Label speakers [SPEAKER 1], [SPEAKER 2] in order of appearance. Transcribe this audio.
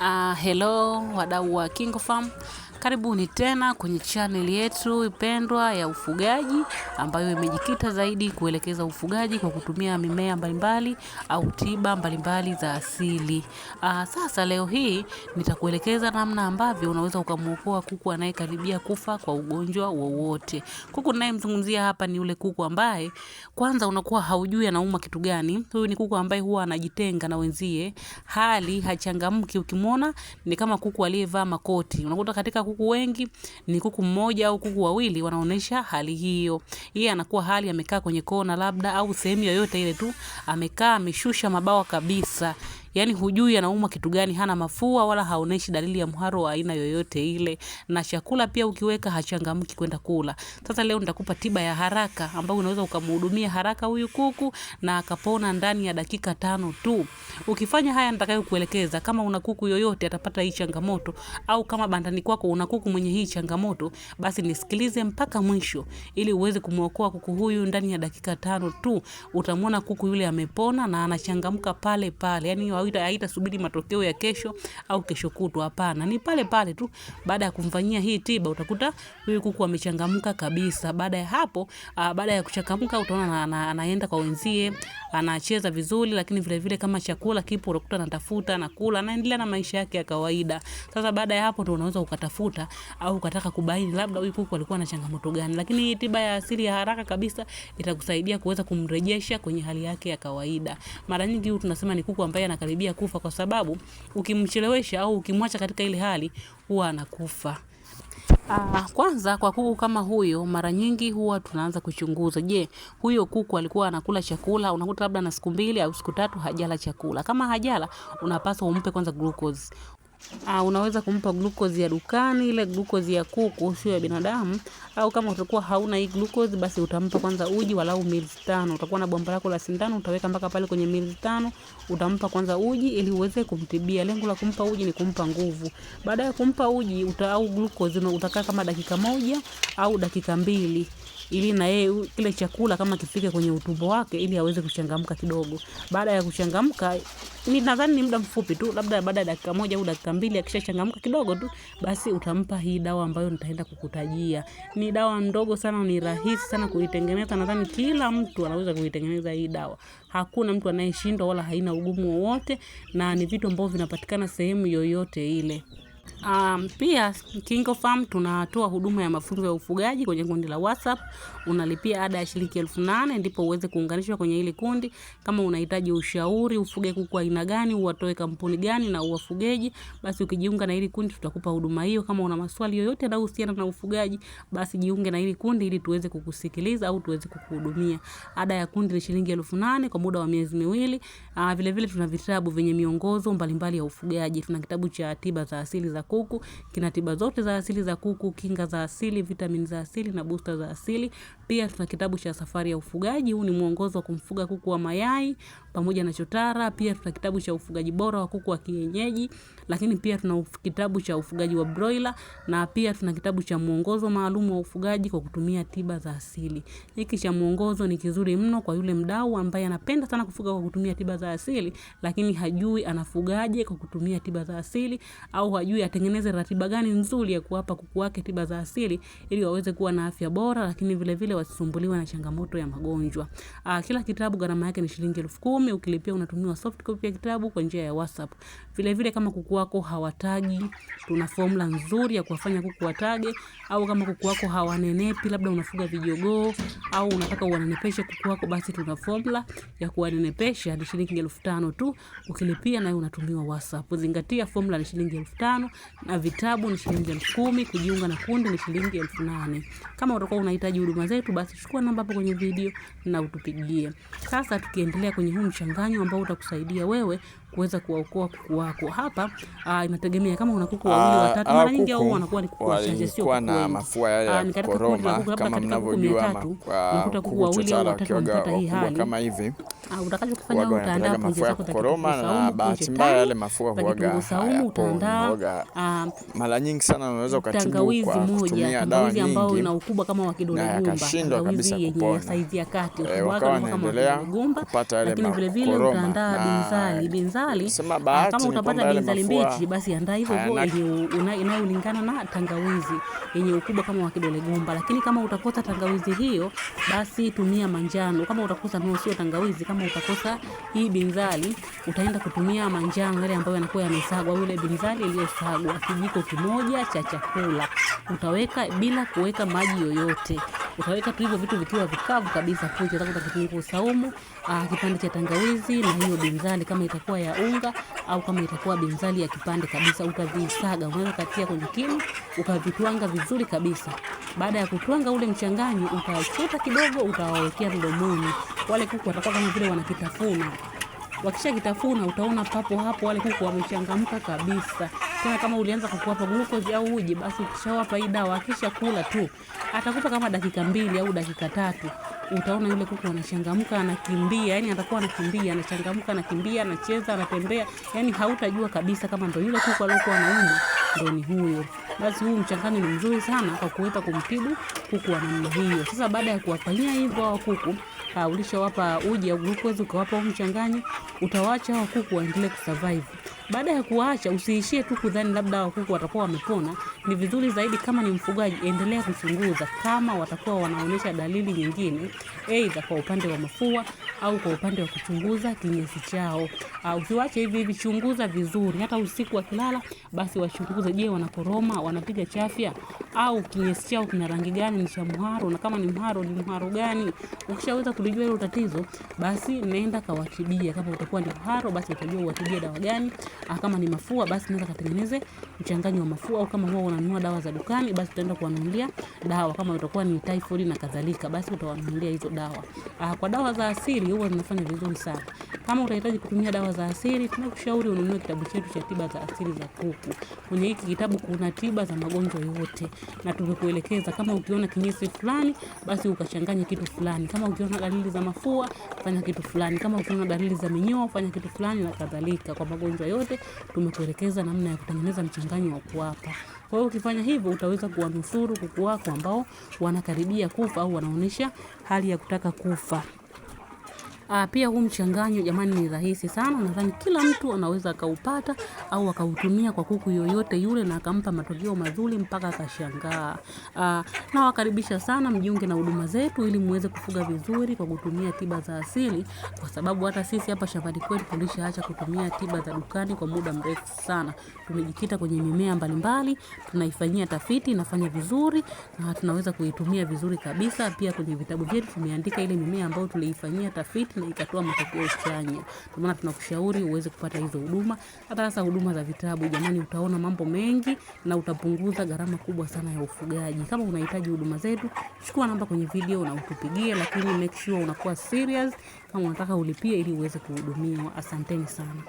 [SPEAKER 1] Uh, hello wadau wa KingoFarm. Karibuni tena kwenye chaneli yetu ipendwa ya ufugaji ambayo imejikita zaidi kuelekeza ufugaji kwa kutumia mimea mbalimbali au tiba mbalimbali za asili. Aa, ah, sasa leo hii nitakuelekeza namna ambavyo unaweza ukamuokoa kuku anayekaribia kufa kwa ugonjwa wowote. Kuku ninayemzungumzia hapa ni yule kuku ambaye kwanza unakuwa haujui anauma kitu gani. Huyu ni kuku ambaye huwa anajitenga na wenzie, hali hachangamki, ukimwona ni kama kuku aliyevaa makoti. Unakuta katika kuku wengi ni kuku mmoja au kuku wawili wanaonesha hali hiyo. Yeye anakuwa hali amekaa kwenye kona labda au sehemu yoyote ile tu, amekaa ameshusha mabawa kabisa yani hujui anaumwa kitu gani, hana mafua wala haoneshi dalili ya mharo wa aina yoyote ile, na chakula pia ukiweka hachangamki kwenda kula. Sasa leo nitakupa tiba ya haraka ambayo unaweza ukamhudumia haraka huyu kuku na akapona ndani ya dakika tano tu. Ukifanya haya nitakayokuelekeza, kama una kuku yoyote atapata hii changamoto, au kama bandani kwako una kuku mwenye hii changamoto, basi nisikilize mpaka mwisho ili uweze kumwokoa kuku huyu ndani ya dakika tano tu. Utamwona kuku yule amepona na anachangamka pale pale, yani kawaida haitasubiri matokeo ya kesho au kesho kutwa. Hapana, ni pale pale tu baada ya kumfanyia hii tiba utakuta huyu kuku amechangamka kabisa. Baada ya hapo, ah, baada ya kuchangamka utaona anaenda kwa wenzie, anacheza vizuri, lakini vile vile kama chakula kipo utakuta anatafuta, na kula, anaendelea na maisha yake ya kawaida. Sasa baada ya hapo ndio unaweza ukatafuta au ukataka kubaini labda huyu kuku alikuwa na changamoto gani. Lakini hii tiba ya asili ya haraka kabisa itakusaidia kuweza kumrejesha kwenye hali yake ya kawaida. Mara nyingi tunasema ni kuku ambaye ana anakaribia kufa, kwa sababu ukimchelewesha au ukimwacha katika ile hali huwa anakufa.
[SPEAKER 2] Aa, ah, kwanza kwa kuku kama huyo mara nyingi huwa tunaanza kuchunguza, je, huyo kuku alikuwa anakula chakula? Unakuta labda na siku mbili au siku tatu hajala chakula. Kama hajala, unapaswa umpe kwanza glucose. Uh, unaweza kumpa glucose ya dukani, ile glucose ya kuku, sio ya binadamu. Au kama utakuwa hauna hii glucose, basi utampa kwanza uji walau mili tano. Utakuwa na bomba lako la sindano, utaweka mpaka pale kwenye mili tano, utampa kwanza uji ili uweze kumtibia. Lengo la kumpa uji ni kumpa nguvu. Baada ya kumpa uji uta, au glucose utakaa kama dakika moja au dakika mbili ili na yeye kile chakula kama kifike kwenye utumbo wake, ili aweze kuchangamka kidogo. Baada ya kuchangamka, ni nadhani ni muda mfupi tu, labda baada ya dakika moja au dakika mbili, akishachangamka kidogo tu, basi utampa hii dawa ambayo nitaenda kukutajia. Ni dawa ndogo sana, ni rahisi sana kuitengeneza. Nadhani kila mtu anaweza kuitengeneza hii dawa, hakuna mtu anayeshindwa, wala haina ugumu wowote, na ni vitu ambavyo vinapatikana sehemu yoyote ile.
[SPEAKER 1] Um, pia Kingo Farm tunatoa huduma ya mafunzo ya ufugaji kwenye kundi la WhatsApp. Unalipia ada ya shilingi elfu nane ndipo uweze kuunganishwa kwenye ile kundi. Kama unahitaji ushauri, ufuge kuku aina gani, uwatoe kampuni gani na uwafugeji, basi ukijiunga na ile kundi tutakupa huduma hiyo. Kama una maswali yoyote yanayohusiana na ufugaji, basi jiunge na ile kundi ili tuweze kukusikiliza au tuweze kukuhudumia. Ada ya kundi ni shilingi elfu nane kwa muda wa miezi miwili. Uh, vile vile tuna vitabu vyenye miongozo mbalimbali ya ufugaji. Tuna kitabu cha tiba za asili za za kuku, kina tiba zote za asili za kuku, kinga za asili, vitamini za asili na booster za asili. Pia tuna kitabu cha safari ya ufugaji, huu ni mwongozo wa kumfuga kuku wa mayai pamoja na chotara. Pia tuna kitabu cha ufugaji bora wa kuku wa kienyeji, lakini pia tuna kitabu cha ufugaji wa broiler na pia tuna kitabu cha mwongozo maalum wa ufugaji kwa kutumia tiba za asili. Hiki cha mwongozo ni kizuri mno kwa yule mdau ambaye anapenda sana kufuga kwa kutumia tiba za asili, lakini hajui anafugaje kwa kutumia tiba za asili au hajui atengeneze ratiba gani nzuri ya kuwapa kuku wake tiba za asili ili waweze kuwa na afya bora, lakini vile vile wasisumbuliwe na changamoto ya magonjwa. Aa, ah, kila kitabu gharama yake ni shilingi elfu kumi. Ukilipia unatumiwa soft copy ya kitabu kwa njia ya WhatsApp. Vile vile kama kuku wako hawatagi, tuna formula nzuri ya kuwafanya kuku watage, au kama kuku wako hawanenepi, labda unafuga vijogoo au unataka uwanenepeshe kuku wako, basi tuna formula ya kuwanenepesha ni shilingi elfu tano tu. Ukilipia nayo unatumiwa WhatsApp. Zingatia formula ni shilingi elfu tano tano na vitabu ni shilingi elfu kumi. Kujiunga na kundi ni shilingi elfu nane. Kama utakuwa unahitaji huduma zetu, basi chukua namba hapo kwenye video na utupigie. Sasa tukiendelea kwenye huu mchanganyo ambao utakusaidia wewe kuweza kuwaokoa kuku wako hapa. Aa, ah, inategemea kama una kuku wawili ah, watatu, ah, mara nyingi au wanakuwa ni kuku wachache, sio
[SPEAKER 3] kuku na mafua ya koroma. Kama mnavyojua, unakuta kuku wawili au watatu wanapata hii hali kama hivi Ah, utakachokifanyaga utaandaa punje zako koroma, na bahati mbaya yale mafua huaga utaandaa ah, mara nyingi sana, unaweza ukatibu tangawizi moja, tangawizi ambayo ina ukubwa kama wa kidole gumba, tangawizi yenye saizi ya kati, eh, wakawa naendelea kupata yale lakini vile vile utaandaa binzali. Binzali ah, kama utapata binzali mbichi,
[SPEAKER 4] basi andaa hivyo hivyo inayolingana na tangawizi yenye ukubwa kama wa kidole gumba, lakini kama utakosa tangawizi hiyo, basi tumia manjano. Kama utakosa no, tangawizi kama kama utakosa hii binzali, utaenda kutumia manjano yale ambayo yanakuwa yamesagwa, ule binzali iliyosagwa. Kijiko kimoja cha chakula utaweka bila kuweka maji yoyote utaweka tu hivyo vitu vikiwa vikavu kabisa. Pia utaweka kitunguu saumu, ah, kipande cha tangawizi na hiyo binzali kama itakuwa ya unga au kama itakuwa binzali ya kipande kabisa, utavisaga. Unaweza katia kwenye kinu ukavitwanga vizuri kabisa. Baada ya kutwanga ule mchanganyo, utachota kidogo, utawawekea mdomoni. Wale kuku watakuwa kama vile wanakitafuna wakisha kitafuna utaona papo hapo wale kuku wamechangamka kabisa. Tena kama ulianza kukuwapa glukozi au uji, basi ukishawapa hii dawa, akisha kula tu atakupa kama dakika mbili au dakika tatu, utaona yule kuku anachangamka, anakimbia, yani atakuwa anakimbia, anachangamka, anakimbia, anacheza, anatembea, yani hautajua kabisa kama ndo yule kuku aliokuwa anauma ndio ni huyo. Basi huu mchanganyo ni mzuri sana kwa kuweza kumtibu kuku wa namna hiyo. Sasa baada ya kuwafanyia hivyo hao kuku uh, ulishawapa uji au glucose ukawapa huu mchanganyo, utawaacha hao kuku waendelee kusurvive. Baada ya kuwaacha, usiishie tu kudhani labda hao kuku watakuwa wamepona. Ni vizuri zaidi, kama ni mfugaji, endelea kuchunguza kama watakuwa wanaonyesha dalili nyingine, aidha kwa upande wa mafua au kwa upande wa kuchunguza kinyesi chao. Uh, ah, usiwache hivi hivi, chunguza vizuri, hata usiku wakilala, basi wachunguze je, wanakoroma wanapiga chafya au kinyesi chao kina rangi gani, ni cha mharo, na kama ni mharo ni mharo gani. Ukishaweza kulijua hilo tatizo, basi nenda kawatibia. Kama utakuwa ni mharo, basi utajua uwatibie dawa gani. Ah, kama ni mafua, basi nenda katengeneze mchanganyo wa mafua, au kama huwa unanunua dawa za dukani, basi utaenda kuwanunulia dawa. Kama utakuwa ni typhoid na kadhalika, basi utawanunulia hizo dawa. Ah, kwa dawa za asili huwa zinafanya vizuri sana. Kama utahitaji kutumia dawa za asili, tunakushauri ununue kitabu chetu cha tiba za asili za kuku. Kwenye hiki kitabu kuna tiba za magonjwa yote na tulikuelekeza. Kama ukiona kinyesi fulani, basi ukachanganya kitu fulani. Kama ukiona dalili za mafua, fanya kitu fulani. Kama ukiona dalili za minyoo, fanya kitu fulani na kadhalika. Kwa magonjwa yote tumekuelekeza namna ya kutengeneza mchanganyo wa kuwapa. Kwa hiyo ukifanya hivyo utaweza kuwanusuru kuku wako ambao wanakaribia kufa au wanaonyesha hali ya kutaka kufa. Aa, ah, pia huu mchanganyo jamani, ni rahisi sana, nadhani kila mtu anaweza akaupata au akautumia kwa kuku yoyote yule na akampa matokeo mazuri mpaka akashangaa. Ah, nawakaribisha sana mjiunge na huduma zetu ili muweze kufuga vizuri kwa kutumia tiba za asili, kwa sababu hata sisi hapa shambani kwetu tulishaacha kutumia tiba za dukani kwa muda mrefu sana. Tumejikita kwenye mimea mbalimbali, tunaifanyia tafiti, inafanya vizuri na tunaweza kuitumia vizuri kabisa. Pia kwenye vitabu vyetu tumeandika ile mimea ambayo tuliifanyia tafiti na ikatoa matokeo chanya. Kwa maana tunakushauri uweze kupata hizo huduma. Hata sasa huduma za vitabu, jamani, utaona mambo mengi na utapunguza gharama kubwa sana ya ufugaji. Kama unahitaji huduma zetu, chukua namba kwenye video na utupigie, lakini make sure unakuwa serious kama unataka ulipie ili uweze kuhudumiwa. Asanteni sana.